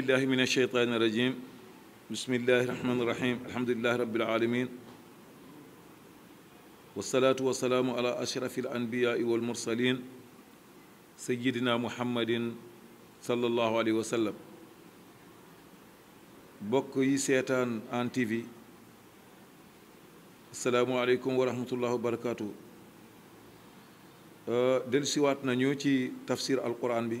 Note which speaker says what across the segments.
Speaker 1: بالله من الشيطان الرجيم بسم الله الرحمن الرحيم الحمد لله رب العالمين والصلاة والسلام على أشرف الأنبياء والمرسلين سيدنا محمد صلى الله عليه وسلم بوكي سيتان ان تي في السلام عليكم ورحمة الله وبركاته أه، دل سيوات نيوتي تفسير القرآن بي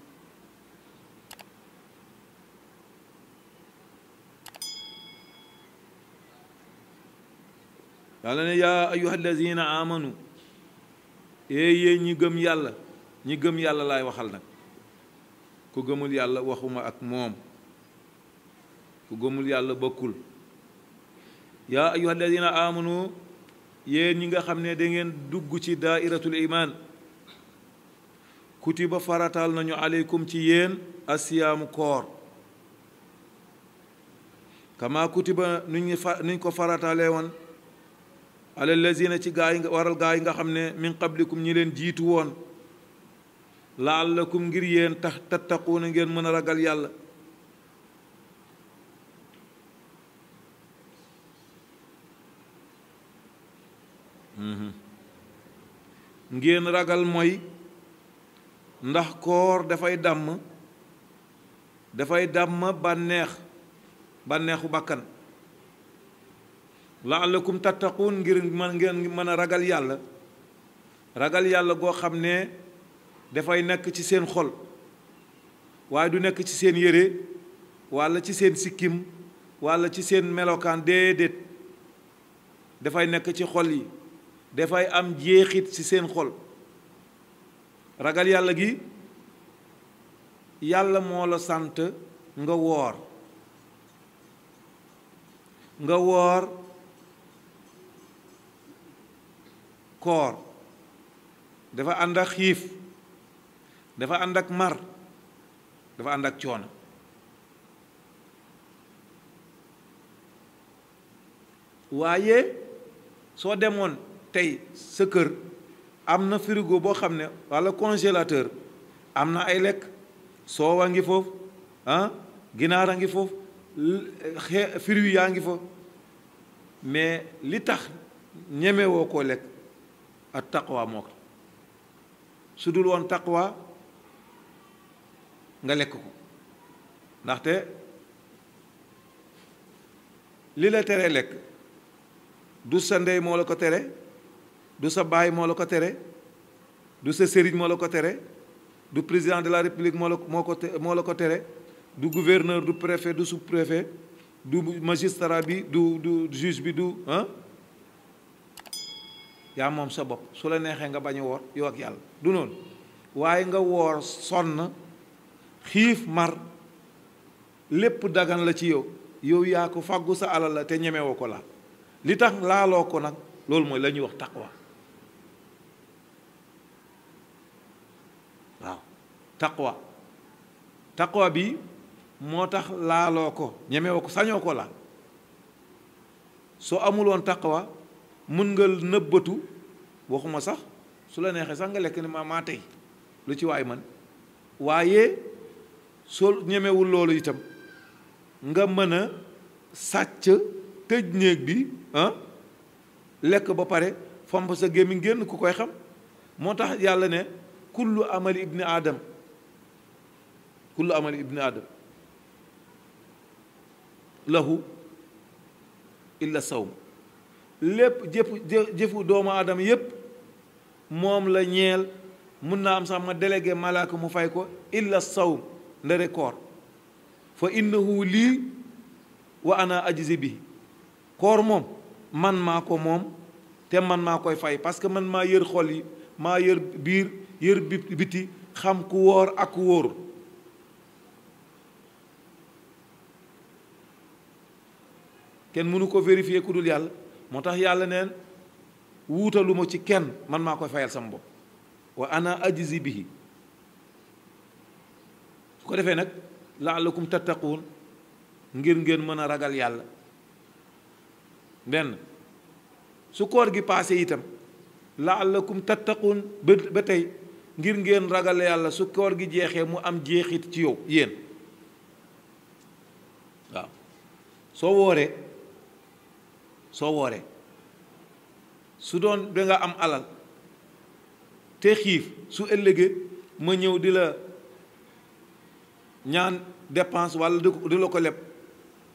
Speaker 1: yàlla ne yaa ayuha allazina amanu ee yéen ñi gëm yàlla ñi gëm yàlla laay waxal nag ku gëmul yàlla waxuma ak moom ku gëmul yàlla bokkul yaa ayuha allazina amanu yéen ñi nga xam ne dangeen dugg ci daa iratul daairatul iman ba farataal nañu aleykum ci yéen asiyaamu koor kama kutiba nuñ fa nuñ ko farataalee woon ala lazina ci gaa yi nga waral gaa yi nga xam ne min qablikum ñi leen jiitu woon la laallakum ngir yéen tax tattaquuna ngeen mën a ragal yàlla mhm. ngeen ragal mooy ndax koor dafay dàmm dafay dàmm bànneex bànneexu bàkkan laalakum tattaquun ngir mën ngeen mën a ragal yàlla ragal yàlla goo xam ne dafay nekk ci seen xol waaye du nekk ci seen yére walla ci seen sikkim walla ci seen melokaan déedéet dafay nekk ci xol yi dafay am jeexit ci seen xol ragal yàlla gi yàlla moo la sant nga woor nga woor koor dafa ànd ak xiif dafa ànd ak mar dafa ànd ak coono waaye soo demoon tey sa kër am na frigo boo xam ne walla congélateur am na ay lekk soow a ngi foofu ah ginaar a ngi foofu fruit yaa ngi foofu mais li tax ñemewoo koo lekk at taqwa mok ko won taqwa nga lekk ko ndaxte li la tere lek du sa ndey tere du sa tere du sa tere du président de la république mo la ko tere du gouverneur du préfet du sous-préfet du magistrat bi du du juge bi du ah Ya mom sa bopp su la neexee nga dunun, a woor yow ak du nga mar lépp dagan la ci yow yow yaa ko fàggu sa alal la te ñemewoo takwa laal li tax ko wax taqwa waaw taqwa taqwa bi moo tax laaloo ko ñemewoo ko sañoo ko taqwa mun nga nëbbatu waxuma sax su la neexee sax nga lekk ni ma maa tey lu ci waay man waaye soo ñemewul loolu itam nga mën a sàcc tëj néeg bi ah, lekk ba pare fomp sa gémmiñ génn ku koy xam moo tax yàlla ne kullu amali ibni aadam kullu amali ibni adam lahu illa sawm lépp jëf jëfu doomu aadama yépp moom la ñeel mun naa am sax ma délégué malaaka mu fay ko illa sawm ndare koor fa innahu lii wa ana ajzi bi koor moom man maa ko moom te man maa koy fay parce que man maa yër xol yi maa yër biir yër biti xam ku wóor ak ku wóorul kenn mënu ko vérifier ku dul yàlla moo tax yàlla neen wuutalu ci kenn man maa koy fayal sama bopp wa ana ajzi bihi su ko defee nag laalakum tattaquun ngir ngeen mën a ragal yàlla benn su koor gi paase itam laalakum tattaquun ba ba tey ngir ngeen ragal yàlla su koor gi jeexee mu am jeexit ci yow yéen waaw soo wooree soo wooree su doon da nga am alal te xiif su ëllëgee ma ñëw di la ñaan dépense walla di la ko leb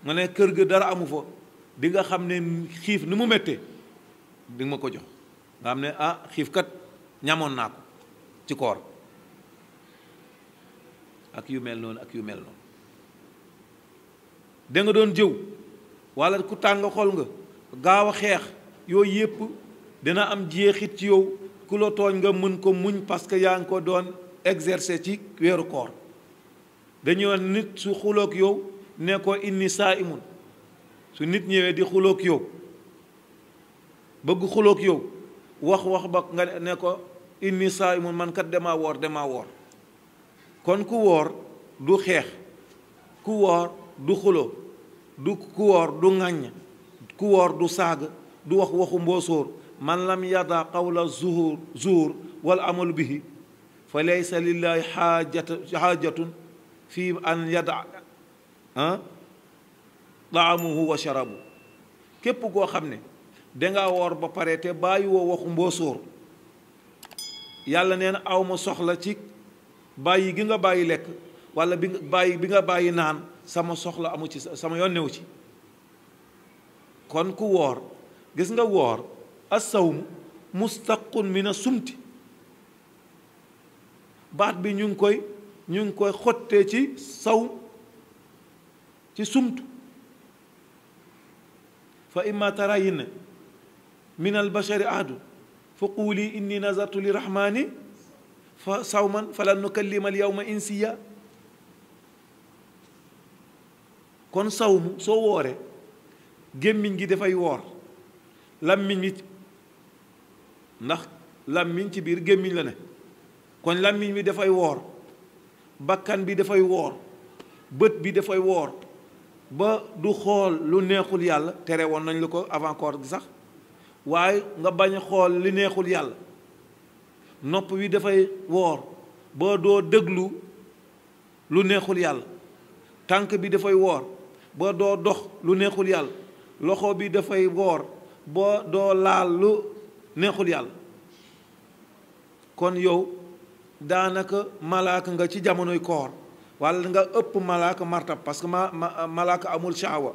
Speaker 1: ma ne kër ga dara amu fa di nga xam ne xiif ni mu méttee di ma ko jox nga xam ne ah xiif kat ñamoon naa ko ci koor ak yu mel noonu ak yu mel noonu da nga doon jëw ku tàng xol nga gaaw a xeex yooyu yépp dina am jeexit ci yow ku la tooñ nga mën ko muñ parce que yaa ngi ko doon exercer ci weeru koor dañoo nit su xuloog yow ne ko inni saa imun su nit ñëwee di xuloog yow bëgg xulook yow wax wax ba nga ne ko inni saa imun man kat dama woor dama woor kon ku woor du xeex ku woor du xuloo du ku woor du ŋàññ ku woor du saaga du wax waxu mboosóor man lam yada qawla zuhur zuhur wal amalu bihi fa laysa lillahi xaajatu xaajatun fi an yada ah taamuhu wa sharabu képp koo xam ne danga woor ba pare te bàyyi woo waxu mboosóor yàlla neen awma soxla ci bàyyi gi nga bàyyi lekk wala bi bàyyi bi nga bàyyi naan sama soxla amu ci sama yonnewu ci kon ku wor gis nga wor asawm mustaqun min asumti bat bi ñu ngi koy ñu ngi koy xotte ci saw ci sumtu fa imma tarayna min albashari ahadu fa quuli inni nazartu li rahmani fa sawman falan nukallima alyawma insiya kon sawmu soo wooree gémmiñ gi dafay woor làmmiñ wi ndax làmmiñ ci biir gémmiñ la ne kon làmmiñ wi dafay woor bakkan bi dafay woor bët bi dafay woor ba du xool lu neexul yàlla tere woon nañ la ko avant gi sax waaye nga bañ xool li neexul yàlla nopp wi dafay woor ba doo déglu lu neexul yàlla tànk bi dafay woor ba doo dox lu neexul yàlla loxo bi dafay woor boo doo laal lu neexul yàlla kon yow daanaka malaaka nga ci jamonoy koor walla nga ëpp malaaka martab parce que ma malaaka amul shaawa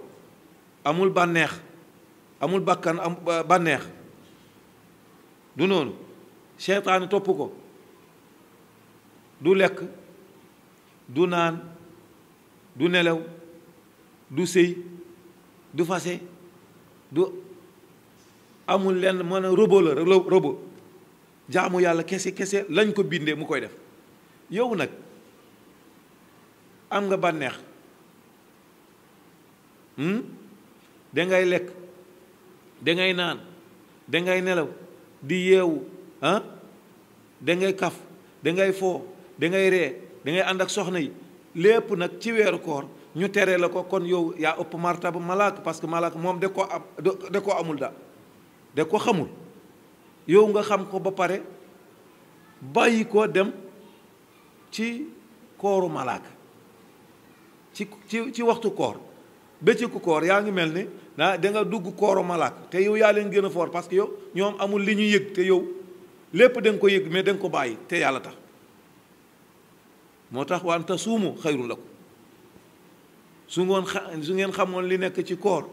Speaker 1: amul bànneex amul bakkan am bànneex du noonu seytaane topp ko du lekk du naan du nelaw du sëy du fase du amul lenn mën a robot la robot jaamu yàlla kese kese lañ ko bindee mu koy def yow nag am nga bànneex hmm? dangay lekk dangay naan dangay nelaw di yeewu ah dangay kaf dangay foo dangay ree dangay ànd ak soxna yi lépp nag ci weeru koor ñu tere la ko kon yow yaa ëpp martaba malaaka parce que malaak moom de ko am da koo amul da da ko xamul yow nga xam ko ba pare bàyyi koo dem ci kooru malaak ci ci ci waxtu koor bëccëgu koor yaa ngi mel ni da danga dugg kooru malaaka te yow yaa leen gën a foor parce que yow ñoom amul li ñu yëg te yow lépp da ko yëg mais danga ko bàyyi te yàlla tax moo tax wante suumu xayrun ko su ngoon su ngeen xamoon li nekk ci koor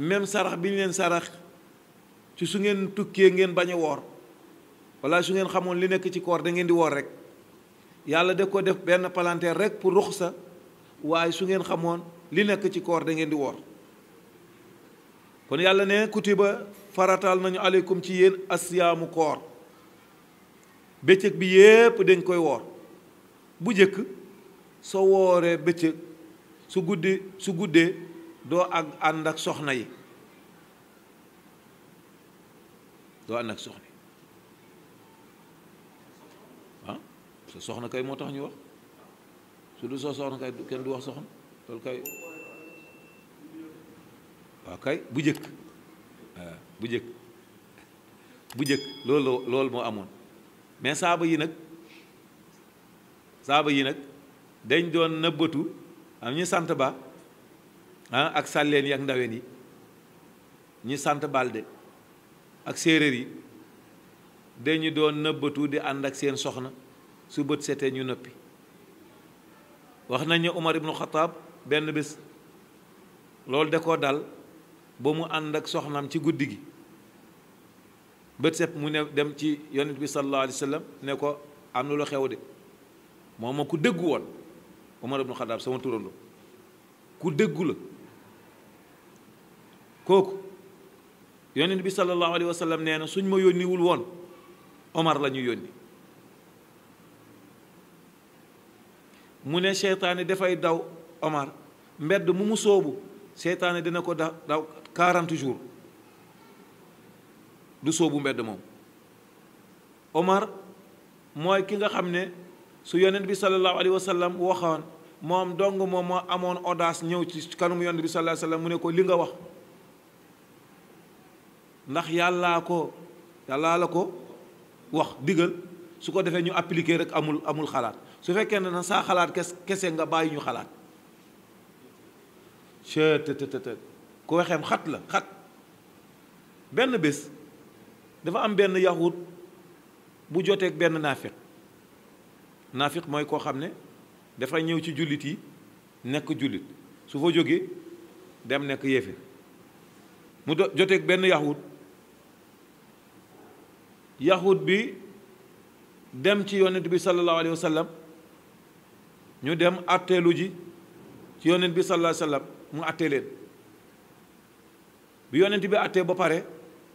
Speaker 1: même sarax bi ñu leen sarax ci su ngeen tukkee ngeen bañ a woor walla su ngeen xamoon li nekk ci koor da ngeen di woor rek yàlla de ko def benn palanteer rek pour sa waaye su ngeen xamoon li nekk ci koor da ngeen di woor kon yàlla ne ba farataal nañu aleykum ci yéen asiyaamu koor bëccëg bi yépp dañ koy woor bu jëkk soo wooree bëccëg su guddi su guddee doo ak ànd ak soxna yi doo ànd ak soxna yi ah soxna kay moo tax ñu wax su du soo soxna kay kenn du wax soxna loolu kay waaw kay bu jëkk ah, bu jëkk bu jëkk loolu loolu moo amoon mais saaba yi nag saaba yi nag dañ doon nëbbatu am ñu sant ba ah, ak sàlleen yi ak ndaween yi ñi sant balde ak séeréer yi dañu doon nëbbatu di ànd ak seen soxna su bët sete ñu nëppi wax nañu Umar ibnu Xataab benn bés loolu de koo dal ba mu ànd ak soxnaam ci guddi gi bët set mu ne dem ci yonent bi sallallahu alayhi wa sallam ne ko am na lu xew de moom ma ku dëggu woon Omar ibnu Xadaab sama turando ku déggu la kooku yonent bi sallallahu alayhi wa nee na suñ ma yónniwul woon Omar la ñu yónni mu ne seetaane dafay daw Omar mbedd mu mu soobu seytaane dina ko da daw 40 jours du soobu mbedd moom Omar mooy ki nga xam ne su yeneen bi sallallahu alayhi wa sallam waxoon moom dong moom moo amoon audace ñëw ci kanamu yonent bi sallallahu alayhi mu ne ko li nga wax ndax yàllaa ko yàllaa la ko wax digal su ko defee ñu appliquer rek amul amul xalaat su fekkee ne na saa xalaat kese nga bàyyi ñu xalaat cetëtëtëtë ku waxeem xat la xat benn bés dafa am benn yahut bu joteeg benn naafiq naafiq mooy koo xam ne dafay ñëw ci jullit yi nekk jullit su fa jógee dem nekk yéeféer mu joteeg benn yahud yahud bi dem ci yonent bi sallallahu alayhi ñu dem atteelu ji ci yonent bi sallallahu alayhi mu attee leen bi yonent bi attee ba pare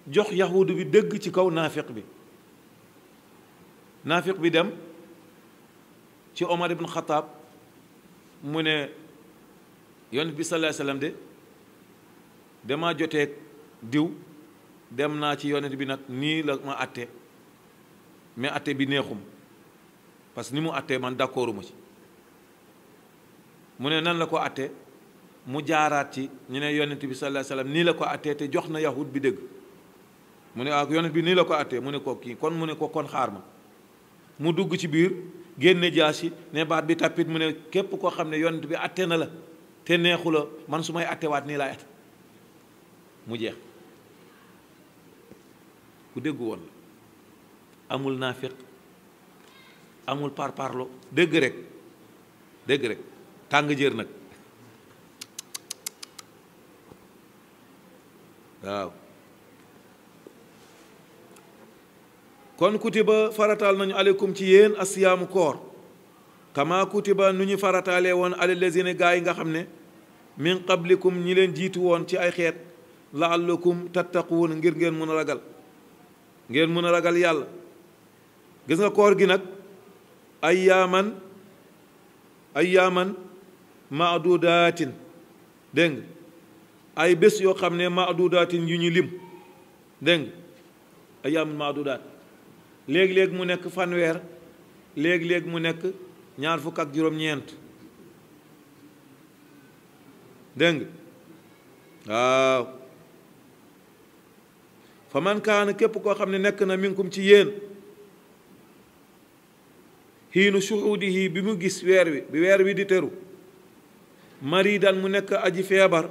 Speaker 1: jox yahud bi dëgg ci kaw naafiq bi naafiq bi dem ci Omar ibn Khattab mu ne yonent bi sallallahu alayhi wasallam de damaa joteeg diw dem naa ci yonent bi nag nii la ma àtte mais àtte bi neexum parce que ni mu àtte man d'accorduma ci mu ne nan la ko àtte mu jaaraat ci ñu ne yonent bi sallallahu alayhi nii la ko àttee te jox na yahud bi dégg mu ne ak yonent bi nii la ko àttee mu ne ko kii kon mu ne ko kon xaar ma mu dugg ci biir génne jaasi ne baat bi tàppit mu ne képp koo xam ne yonent bi atte na la te neexu man su may attewaat nii laay at mu jeex ku dégg woon la amul naafiq amul par parlo dégg rek dégg rek tàng jër nag waaw kon ba farataal nañu alekum ci yéen asiyaamu koor kama ba nu ñuy farataalee woon alal lazina gaa yi nga xam ne min qablikum ñi leen jiitu woon ci ay xeet la laallakum tattaquun ngir ngeen mën a ragal ngeen mën a ragal yàlla gis nga koor gi nag ayyaaman ayyaaman maadudaatin dégg nga ay bés yoo xam ne maadudaatin yu ñu lim dégg nga ayyaaman maadudaat léegi léeg mu nekk fanweer léegi léeg mu nekk ñaar fukk ak juróom-ñeent dégg nga waaw fa man kaana képp koo xam ne nekk na minkum ci yéen xiinu shuhudihi bi mu gis weer wi bi weer wi di teru maridan mu nekk aji feebar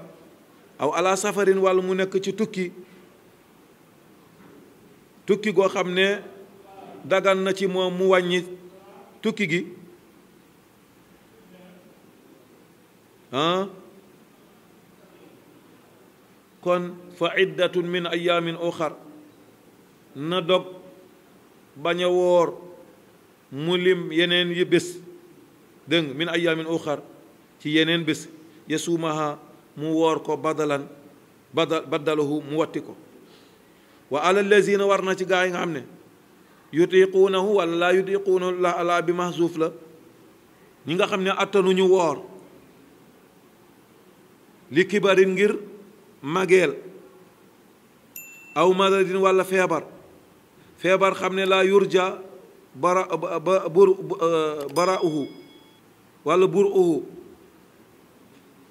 Speaker 1: aw ala safarin walla mu nekk ci tukki tukki goo xam ne dagal na ci moom mu wàññi tukki gi kon fa iddatun min ayaamin oxar na dog bañ a woor mu lim yeneen yi bés dëng min ayaamin oxar ci yeneen bis yasuumaha mu woor ko badalan badal badalahu mu watti ko wa ala lazina war na ci gaa yi nga xam ne يطيقونه ولا يطيقون لا لا بمحذوف لا نيغا خامني اتانو ني وور لكبار غير ماغيل او مرض ولا فيبر فيبر خامني لا يرجى برا برا براءه ولا برؤه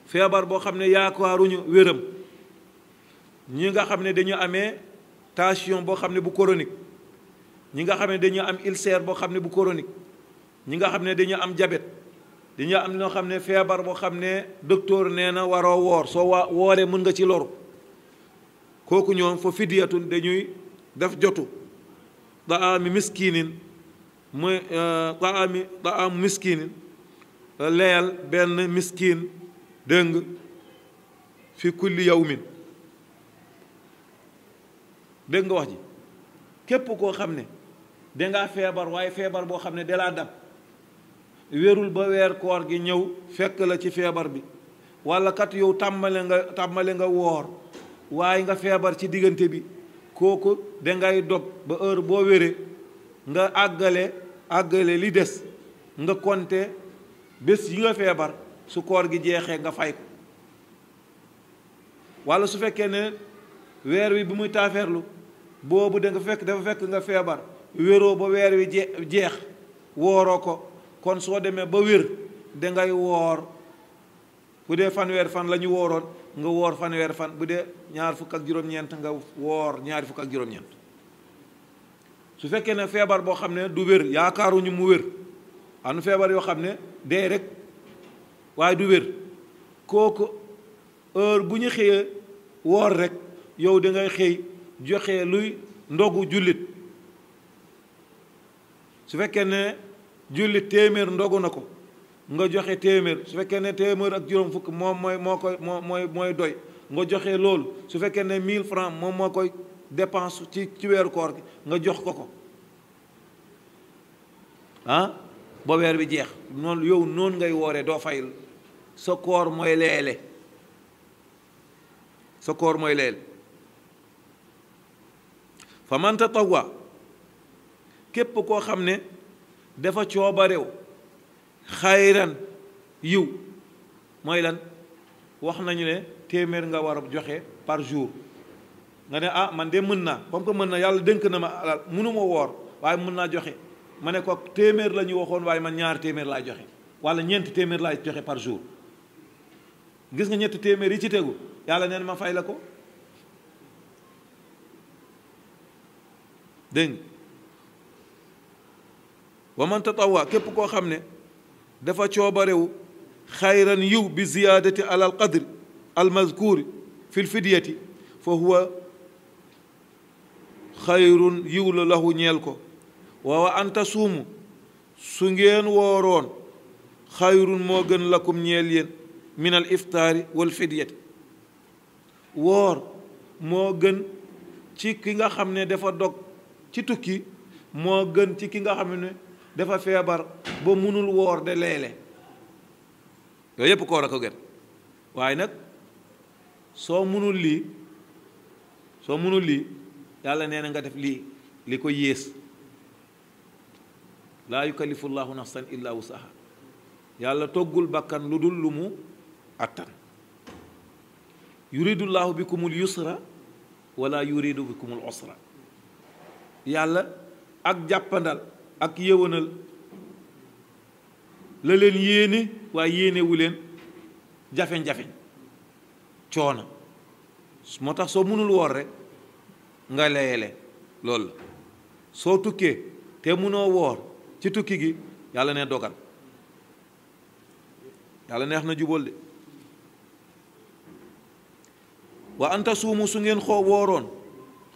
Speaker 1: فيبر بو خامني ياكوارو ني ويرم نيغا خامني دانيو امي تاشيون بو خامني بو كورونيك ñi nga xam ne dañu am ulcère boo xam ne bu chronique ñi nga xam ne dañu am jabet dañu am ñoo xam ne feebar boo xam ne docteur nee na waroo woor soo waa wooree mën nga ci loru kooku ñoom fa fidiyatun dañuy def jotu taami miskinin muy euh, taami taamu miskinin leyal benn miskin dëng fi kulli yawmin dégg nga wax ji képp koo xam ne dangaa feebar waaye feebar boo xam ne dalaa dab wérul ba weer koor gi ñëw fekk la ci feebar bi walla kat yow tàmmale nga tàmmale nga woor waaye nga feebar ci diggante bi kooku dangay dog ba heure boo wéree nga àggale àggale li des nga konte bés yi nga feebar su koor gi jeexee nga fay ko walla su fekkee ne weer wi bi muy taafeerlu boobu da fekk dafa fekk nga feebar wéroo ba weer wi jeex wooroo ko kon soo demee ba wér dangay woor bu dee fanweer fan la ñu wooroon nga woor fanweer fan bu dee ñaar fukk ak juróom-ñeent nga woor ñaari fukk ak juróom-ñeent su fekkee ne feebar boo xam ne du wér yaakaaruñu mu wér anu feebar yoo xam ne dee rek waaye du wér kooku heure bu ñu xëyee woor rek yow dangay ngay xëy joxe luy ndogu jullit su fekkee ne julli téeméer ndogu na ko nga joxe téeméer su fekkee ne téeméer ak juróom fukk moom mooy moo koy mooy mooy doy nga joxe loolu su fekkee ne 1000 francs moom moo koy dépense ci ci weeru koor gi nga jox ko ko ah ba bi jeex noonu yow noonu ngay wooree doo fayul sa koor mooy leele sa koor mooy leele fa man tatawwa képp koo xam ne dafa coobarew xayran yiw mooy lan wax nañu ne téeméer nga war a joxe par jour nga ne ah man de mën naa comme que mën na yàlla dénk na ma alal mënuma woor waaye mën naa joxe ma ne ko téeméer la ñu waxoon waaye man ñaar téeméer laay joxe wala ñeenti téeméer laay joxe par jour gis nga ñetti téeméer yi ci tegu yàlla neen ma fay la ko dégg wa man tatawwa képp koo xam ne dafa coobarewu xayran yiw bi ziyaadati ala al qadri al mazkuuri fi l fidyati fa huwa xayrun yiw la lahu ñeel ko waawa anta suumu su ngeen wooroon xayrun moo gën lakum ñeel yéen min al iftaari wal fidyati woor moo gën ci ki nga xam ne dafa dog ci tukki moo gën ci ki nga xam ne dafa feebar ba munul woor de leele yooyu yépp koor a ko gën waaye nag soo munul lii soo munul lii yàlla nee na nga def lii li ko yées laa yukallifu llahu nafsan illa wusaha yàlla toggul bakkan lu dul lu mu attan yuridu llahu bikumul yusra wala yuridu bikumul usra yàlla ak jàppandal ak yëwanal la leen yéene waaye yéenewu leen jafeñ-jafeñ coono moo tax soo mënul woor rek nga layele lool la soo tukkee te mënoo woor ci tukki gi yàlla ne dogal yàlla neex na jubal de wa anta suumu su ngeen xoo wooroon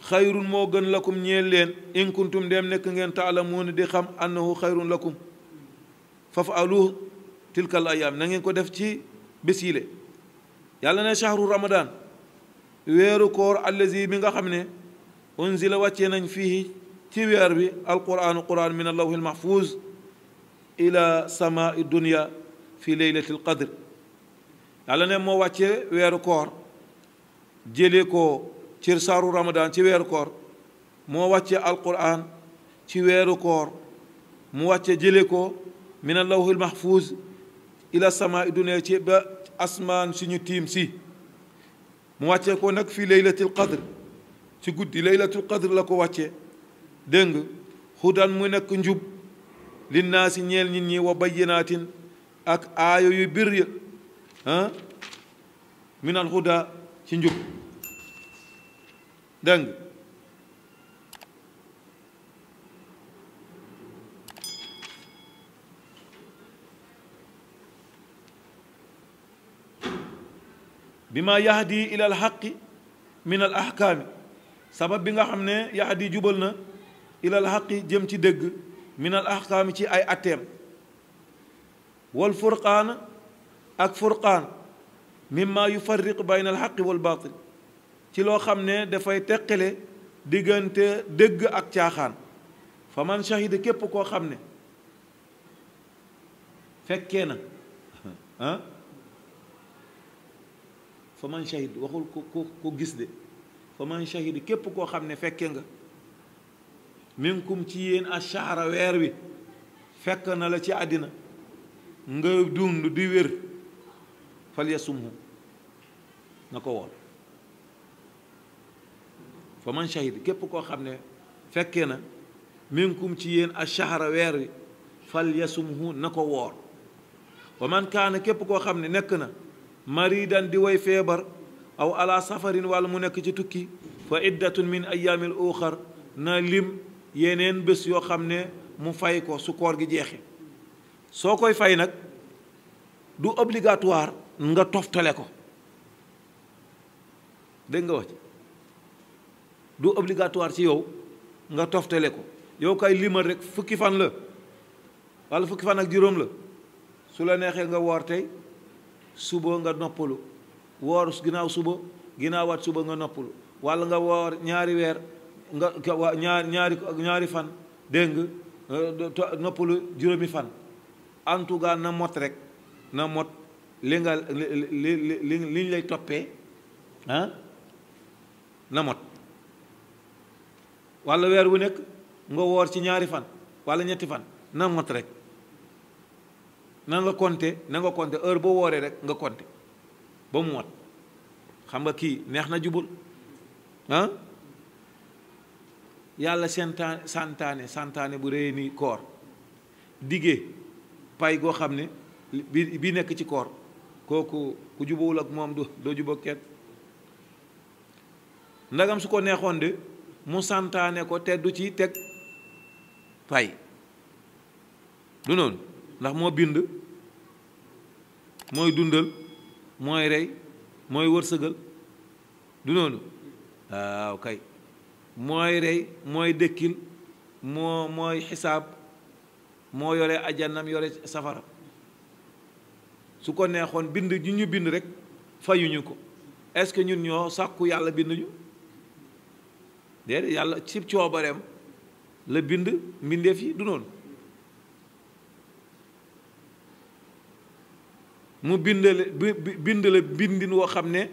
Speaker 1: خير مو گن لكم نيلين ان كنتم دم نك نين تعلمون دي خم انه خير لكم ففعلوه تلك الايام نين كو ديف تي بسيله يالا ن شهر رمضان وير كور الذي ميغا خمنه انزل واتي نان فيه تي وير بي القران قران من الله المحفوظ الى سماء الدنيا في ليله القدر يالا ن مو واتي وير كور جيلي كو ci saaru ramadan ci weeru koor moo wàcce alquran ci weeru koor mu wàccee jële ko min allawhil mahfuz ila sama idune ci ba asmaan suñu tiim si mu wàcce ko nag fii laylatil qadr ci guddi laylatul qadr la ko wàcce dégg nga mu nekk njub linnaasi ñeel nit ñi wa bayyinaatin ak aayo yu bir ya ah, min al ci njub dégg nga bi ma yahdi ila al xaqi min al sabab bi nga xam ne yahdi jubal na ila al jëm ci dëgg min al ci ay atteem wal furqaan ak furqaan mimma yufarriq bayna al wal baatil ci loo xam ne dafay teqale diggante dëgg ak caaxaan fa man shahida képp koo xam ne fekke na ah fa man shahid waxul ko ko gis de fa man shahid képp koo xam ne fekke nga minkum ci yéen a shahra weer wi fekk na la ci àddina nga dund di wér fal yasumhu na ko woon fa man shahid képp koo xam ne fekke na minkum ci yéen a shahra weer wi fal yasumhu na ko woor wa man kaana képp koo xam ne nekk na maridan di woy feebar aw ala safarin walla mu nekk ci tukki fa iddatun min ayaamil uxar na lim yeneen bés yoo xam ne mu fay ko su koor gi jeexee soo koy fay nag du obligatoire nga toftale ko dégg nga wax du obligatoire ci yow nga toftale ko yow kay limal rek fukki fan la wala fukki fan ak juróom la su la neexee nga woor tey suba nga noppalu woor ginnaaw suba ginnaawaat suba nga noppalu wala nga woor ñaari weer nga ñaar ñaari ñaari fan dégg nga eh, noppalu juróomi fan en tout cas na mot rek na mot li nga li li liñ lay toppee ah na mot wala weer wu nekk nga woor ci ñaari fan wala ñetti fan na mot rek na nga compter na nga compter heure boo wooree rek nga compter ba mu mot xam nga kii neex na jubul ah? yàlla santaane santaane santaane bu rëy ni koor diggee pay goo xam ne bi bi nekk ci koor kooku ku jubawul ak moom du doo jubóo kenn ndagam su ko neexoon de mu santaane ko te du ci teg pay du noonu ndax moo bind mooy dundal mooy rey mooy wërsëgal du noonu waaw kay mooy rey mooy dëkkil moo mooy xisaab moo yore ajjanam yore safara su ko neexoon bind ñu ñu bind rek fayuñu ko est-ce que ñun ñoo sàkku yàlla bind ñu déedéet yàlla ci coobareem la bind mbindeef yi du noonu mu bindale bind la bindin woo xam ne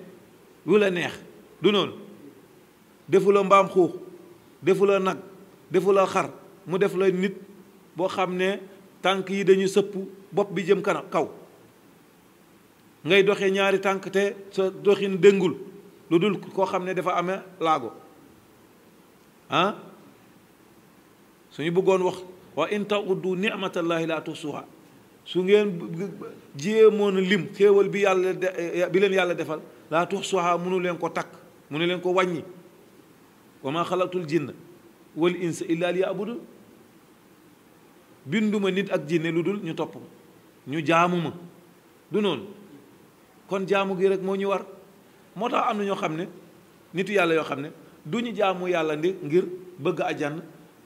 Speaker 1: wu la neex du noonu defu la mbaam xuux defu la nag defu la xar mu def la nit boo xam ne tànk yi dañu sëpp bopp bi jëm kanam kaw ngay doxe ñaari tànk te sa doxin déngul lu dul koo xam ne dafa ame laago ah suñu bëggoon wax wa in taudu nicmatallahi laa tusuha su ngeen jéemoon lim xéewal bi yàlla bi leen yàlla defal laa tusuha mënu leen ko takk mu mënu leen ko wàññi wa ma xalaqtul jinna wal insa illa liya'budun binduma nit ak jinne lu dul ñu topp ñu jaamu ma du noonu kon jaamu gi rek moo ñu war moo tax am na ñoo xam ne nit yàlla yoo xam ne duñu jaamu yàlla ndi ngir bëgg àjjana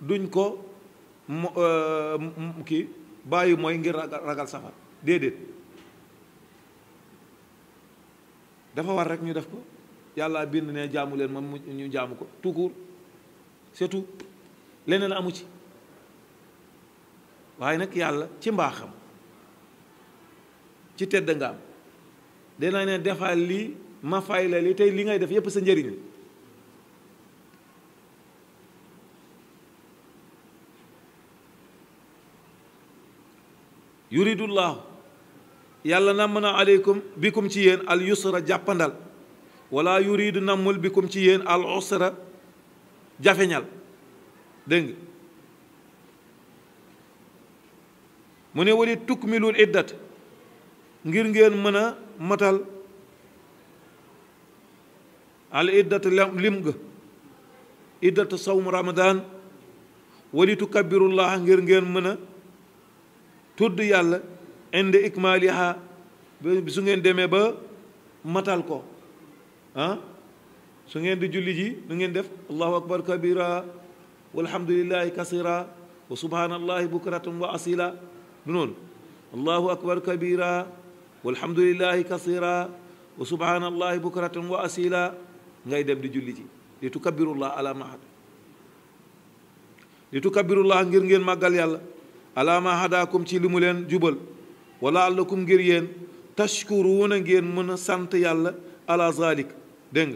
Speaker 1: duñ ko mu euh, kii bàyyi mooy ngir ragal safar déedéet dafa war rek ñu def ko yàlla bind ne jaamu leen moom ñu jaamu ko tout court c'est tout leneen amu ci waaye nag yàlla ci mbaaxam ci tedd nga am dina ne defal li ma fay tey li ngay def yépp sa njëriñ yuridullahu yàlla namm na aleykum bikum ci yéen al yusra jàppandal wala yuridu nammul bikum ci yéen al usra jafeñal dégg mu ne wali tukmilul iddat ngir ngeen mën a matal al iddat lim ga iddat sawm ramadan wali tukabirullah ngir ngeen mën a tudd yàlla inde ikmaaliha su ngeen demee ba matal ko ah su ngeen di julli ji nu ngeen def allahu akbar kabira walhamdulillahi kasira wa subhanallahi bukratan wa asila du noonu allahu akbar kabira walhamdulillahi kasira wa subhanallahi bukratan wa asila ngay dem di julli ji di tukabbirullah ala mahad di tukabbirullah ngir ngeen màggal yàlla ala ma hadakum ci limu len leen jubal wala lakum ngir yen tashkuruna ngir mën sant yàlla ala zalik dégg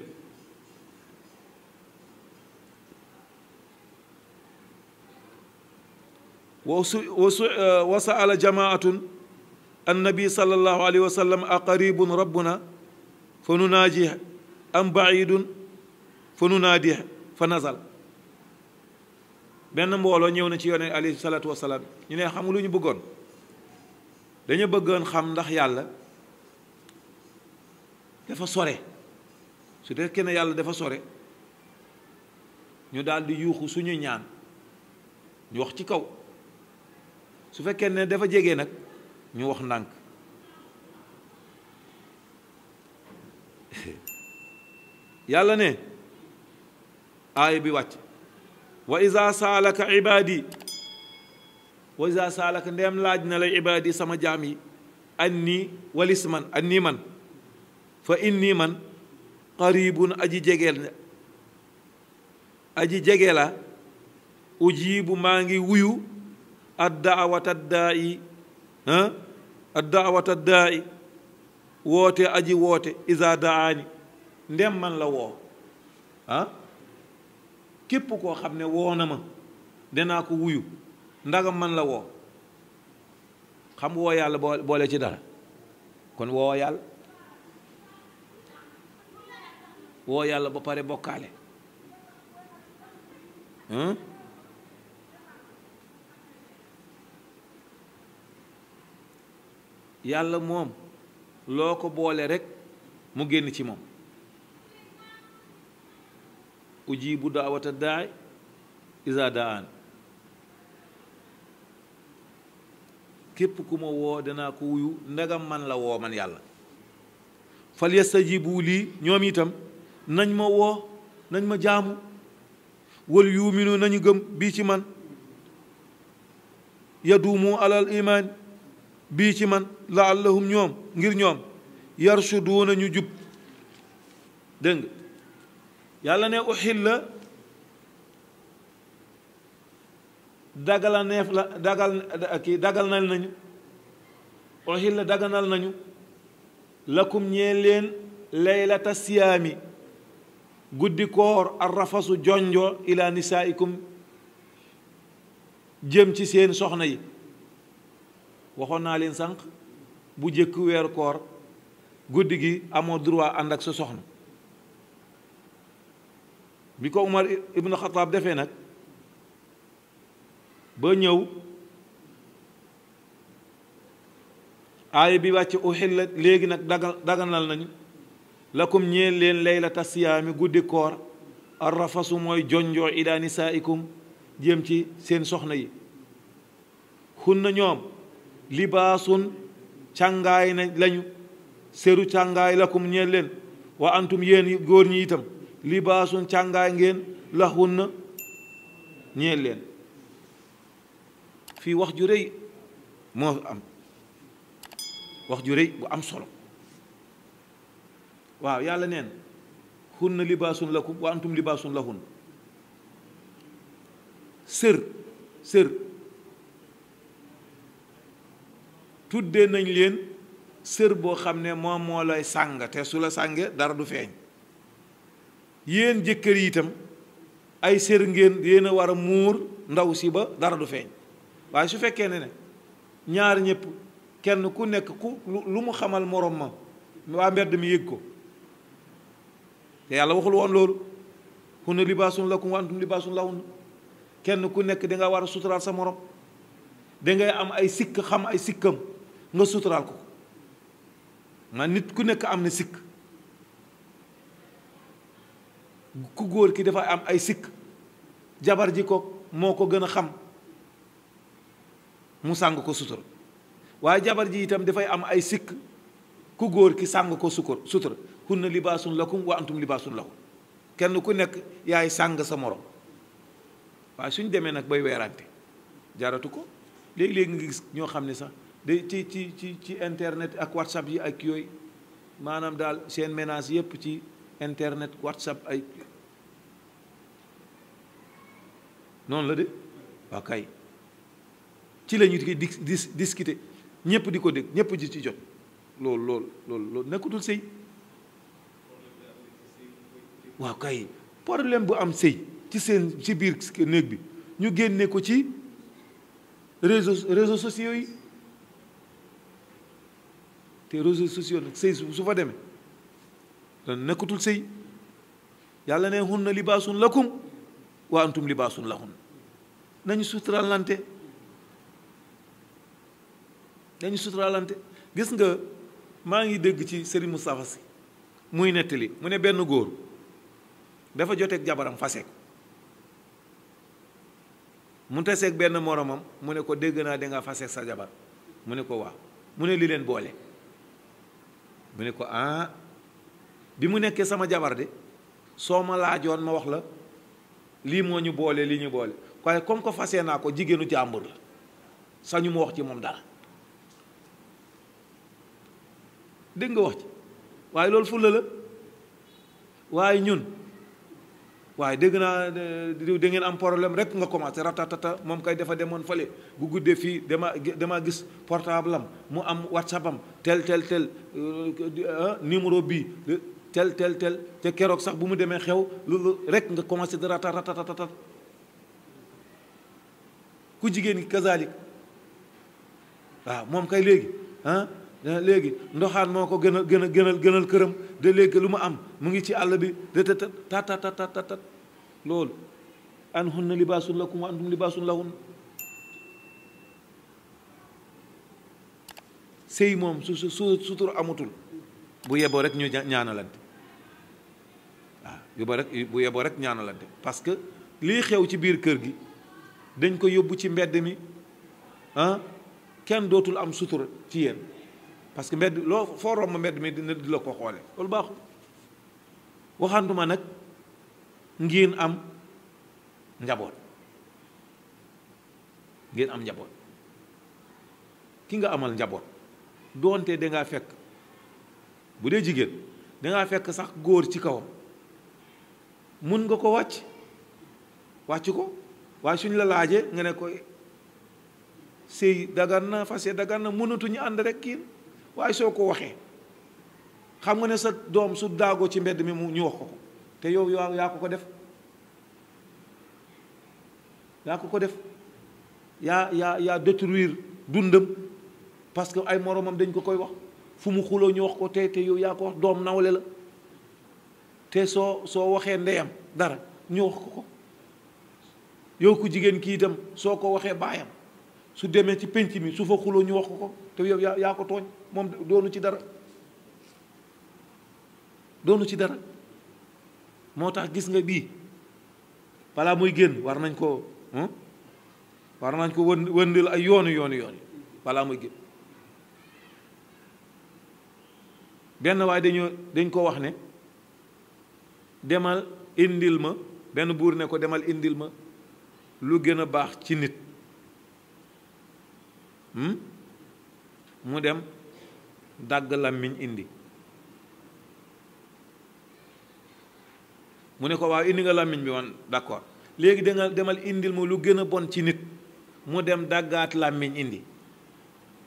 Speaker 1: وسأل جماعة النبي صلى الله عليه وسلم أقريب ربنا فنناجيه أم بعيد فنناديه فنزل benn mbooloo ñëw na ci yone alayhi salatu wasalam ñu ne xam lu ñu bëggoon dañu bëggoon xam ndax yàlla dafa sore su fekkee ne yàlla dafa sore ñu daal di yuuxu suñu ñaan ñu wax ci kaw su fekkee ne dafa jege nag ñu wax ndànk yàlla ne aay bi wàcc wa isa saalaka ibaadi wa isa saalaka ndeem laaj na la ibaadi sama jaam yi anni walis man anni man fa inni man qaribun aji aji jege la ujibu maa ngi wuyu addaawata daa'i ah, addaawata daa'i woote aji woote isa daani ndem man la woo ah. képp koo xam ne woo na ma danaa ko wuyu ndagam man la woo xam woo yàlla boole ci dara kon woo yàlla woo yàlla ba pare bokkaale yàlla moom loo ko boole rekk mu génn ci moom ujibu daawata daay daa daan képp ku ma woo danaa ko wuyu ndegam man la woo man yàlla fal yastajibu lii ñoom itam nañ ma woo nañ ma jaamu wal yuuminu nañu gëm bii ci man yaduumu alal imaan bii ci man laallahum ñoom ngir ñoom yarshuduuna ñu jub dégg yàlla ne uxil la dagala neef la dagal kii dagal nal nañu uxil la daganal nañu lakum ñee leen laylata siyaami guddi koor ar rafasu jonjo ila nisaaikum jëm ci seen soxna yi waxoon naa leen sànq bu jëkk weeru koor guddi gi amoo droit ànd ak sa soxna bi ko Umar ibnu Xataab defee nag ba ñëw aaya bi wàcc uhillat léegi nag daga daganal nañu lakum ñeel leen laylata siyaami guddi koor arrafasu mooy jonjoo ila nisaaikum jëm ci seen soxna yi xunna ñoom libaasun càngaay na lañu seru càngaay lakum ñeel leen waa antum yéen góor ñi itam libaasu càngaay ngeen laxun na ñeel leen fii wax ju rëy moo am wax ju rëy bu am solo waaw yàlla neen na libaasun lakum wa antum libaasun lahun sër sër tuddee nañ leen sër boo xam ne moom moo lay sàng te su la sànge dara du feeñ yéen jëkkër yi itam ay sér ngeen yéen a war a muur ndaw si ba dara du feeñ waaye su fekkee ne ne ñaar ñëpp kenn ku nekk ku lu mu xamal morom ma waa mbedd mi yéeg ko te yàlla waxul woon loolu hunna la lakum wa antum libaasun lahunna kenn ku nekk danga war a suturaal sa morom dangay am ay sikk xam ay sikkam nga suturaal ko man nit ku nekk am na sikk ku góor ki dafa am ay sikk jabar ji ko moo ko gën a xam mu sàng ko sutura waaye jabar ji itam dafay am ay sikk ku góor ki sàng ko sukur sutura hunna libaasun lakum wa antum libaasun lahum kenn ku nekk yaay sàng sa moroom waaye suñ demee nag bay weerante jaratu ko léegi-léegi nga gis ñoo xam ne sax da ci ci ci ci internet ak whatsapp yi ak yooyu maanaam daal seen ménage yépp ci internet whatsapp ay noonu la de waa kay ci la ñu di dis discuter ñëpp di ko dégg ñëpp ji ci jot loolu loolu loolu loolu nekkutul sëy waaw kay problème bu am sëy ci seen ci biir néeg bi ñu génne ko ci réseau réseaux sociaux yi te réseaux sociaux nag sëy su fa demee dana nekkatul sëy yàlla ne hunna libaasun lakum wa antum libaasun lahun nañu suturaalante nañu suturaalante gis nga maa ngi dégg ci mu Moustapha si muy nett li mu ne benn góor dafa joteeg jabaram fase ko mu taseeg benn moromam mu ne ko dégg naa dangaa faseeg sa jabar mu ne ko waaw mu ne li leen boole mu ne ko ah bi mu nekkee sama jabar de soo ma laajoon ma wax la lii moo ñu boole lii ñu boole waaye comme que fase naa ko jigéenu jàmbur la sañu ma wax ci moom dara dégg nga wax ci waaye loolu fulla la waaye ñun waaye dégg naa euh, da ngeen am problème rek nga commencé ratatata moom kay dafa demoon fale bu guddee fii dama gis portable am mu am whatsapp am tel tel tel euh, euh, numéro bii tel tel tel te keroog sax bu mu demee xew loolu rek nga commencé dara rata rata rata ku jigéen ki kazalik waaw moom kay léegi ah léegi ndoxaan moo ko gënal gënal gënal gënal këram de léegi lu mu am mu ngi ci àll bi de te tat tat tat tat loolu an hunna libaasun lakum wa antum libaasun sëy moom su su sutur amatul bu yeboo rek ñu ñaanalante yu ba rek bu yeboo rek ñaanalante parce que lii xew ci biir kër gi dañ ko yóbbu ci mbedd mi ah kenn dootul am sutura ci yéen parce que mbedd loo foo romb mbedd mi dina di la ko xoole loolu baaxul waxantuma nag ngin am njaboot ngeen am njaboot ki nga amal njaboot doonte dangaa fekk bu dee jigéen dangaa fekk sax góor ci kawam mun nga ko wàcc wàcc ko waaye suñ la laajee nga ne koy sëy dagan na fase dagan na mënatuñu ànd rek kiin waaye soo ko waxee xam nga ne sa doom su daagoo ci mbedd mi mu ñu wax ko ko te yow yow yaa ko ko def yaa ko ko def yaa yaa yaa détruire dundam parce que ay moromam dañ ko koy wax fu mu xuloo ñu wax ko tey te yow yaa ko wax doom nawle la te soo soo waxee ndeyam dara ñu wax ko ko yow ku jigéen kii itam soo ko waxee baayam su demee ci penc mi su fa xuloo ñu wax ko ko te yow yaa yaa ko tooñ moom doonu ci dara doonu ci dara moo tax gis nga bii balaa muy génn war nañ ko hmm? war nañ ko wënd wëndil ay yoonu yoonu yoon balaa muy génn benn waaye dañoo dañ ko wax ne demal indil ma benn buur ne ko demal indil ma lu gën a baax ci nit hmm? mu dem dàgg làmmiñ indi mu ne ko waaw indi nga làmmiñ bi woon d'accord léegi danga demal indil ma lu gën a bon ci nit mu dem dàggaat làmmiñ indi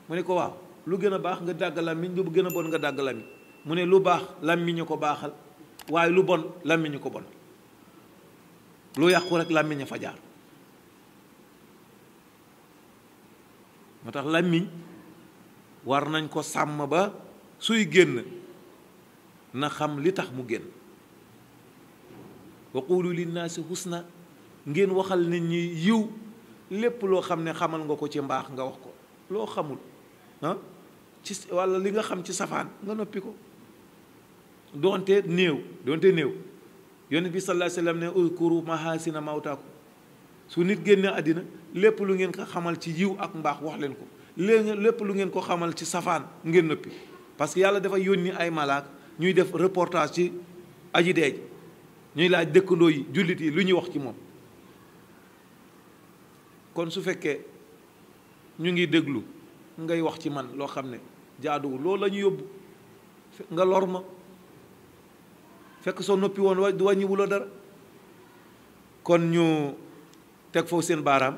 Speaker 1: mu ne ko waaw lu gën a baax nga dàgg làmmiñ lu gën a bon nga dàgg làmmiñ mu ne lu baax làmmiñ a ko baaxal waaye lu bon làmmiñu ko bon lu yàqu rek làmmiñ fajaar moo tax làmmiñ war nañ ko sàmm ba suy génn na xam li tax mu génn naa si linnaasi na ngeen waxal nit ñi yiw lépp loo xam ne xamal nga ko ci mbaax nga wax ko loo xamul ah, ci walla li nga xam ci safaan nga noppi ko doonte néew doonte néew yonent bi sallallahu alayhi wasallam ne uzkuru mahasina mawtaakum su nit génnee àddina lépp lu ngeen ko xamal ci yiw ak mbaax wax leen ko léegi lépp lu ngeen ko xamal ci safaan ngeen nëppi parce que yàlla dafa yónni ay malaak ñuy def reportage ci aji deej ñuy laaj dëkkandoo yi jullit yi lu ñuy wax ci moom kon su fekkee ñu ngi déglu ngay wax ci man loo xam ne jaaduwul loolu la ñu yóbbu nga lor ma fekk soo noppi woon wa wàññiwuloo dara kon ñu teg foofu seen baaraam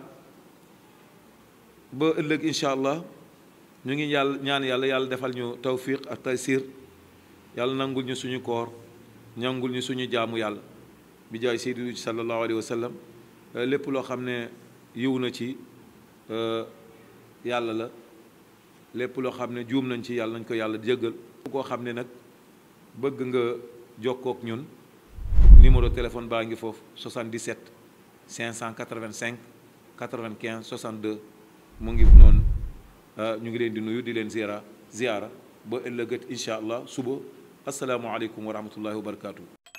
Speaker 1: ba ëllëg incha allah ñu ngi yàlla ñaan yàlla yàlla defal ñu tawfiq ak taysir yàlla nangul ñu suñu koor nangul ñu suñu jaamu yàlla bi jaay sayyidu sallallahu alayhi euh, lépp loo xam ne yiw na ci euh, yàlla la lépp loo xam ne juum nañ ci yàlla nañ ko yàlla jéggal koo xam ne nag bëgg nga jokkook ñun numéro téléphone baa ngi foofu 77 585 95 62 mu ngi noonu euh, ñu ngi leen di nuyu di leen ziara ziara ba ëllëgët incha allah suba asalaamualeykum wa rahmatullahi wa barakaatu.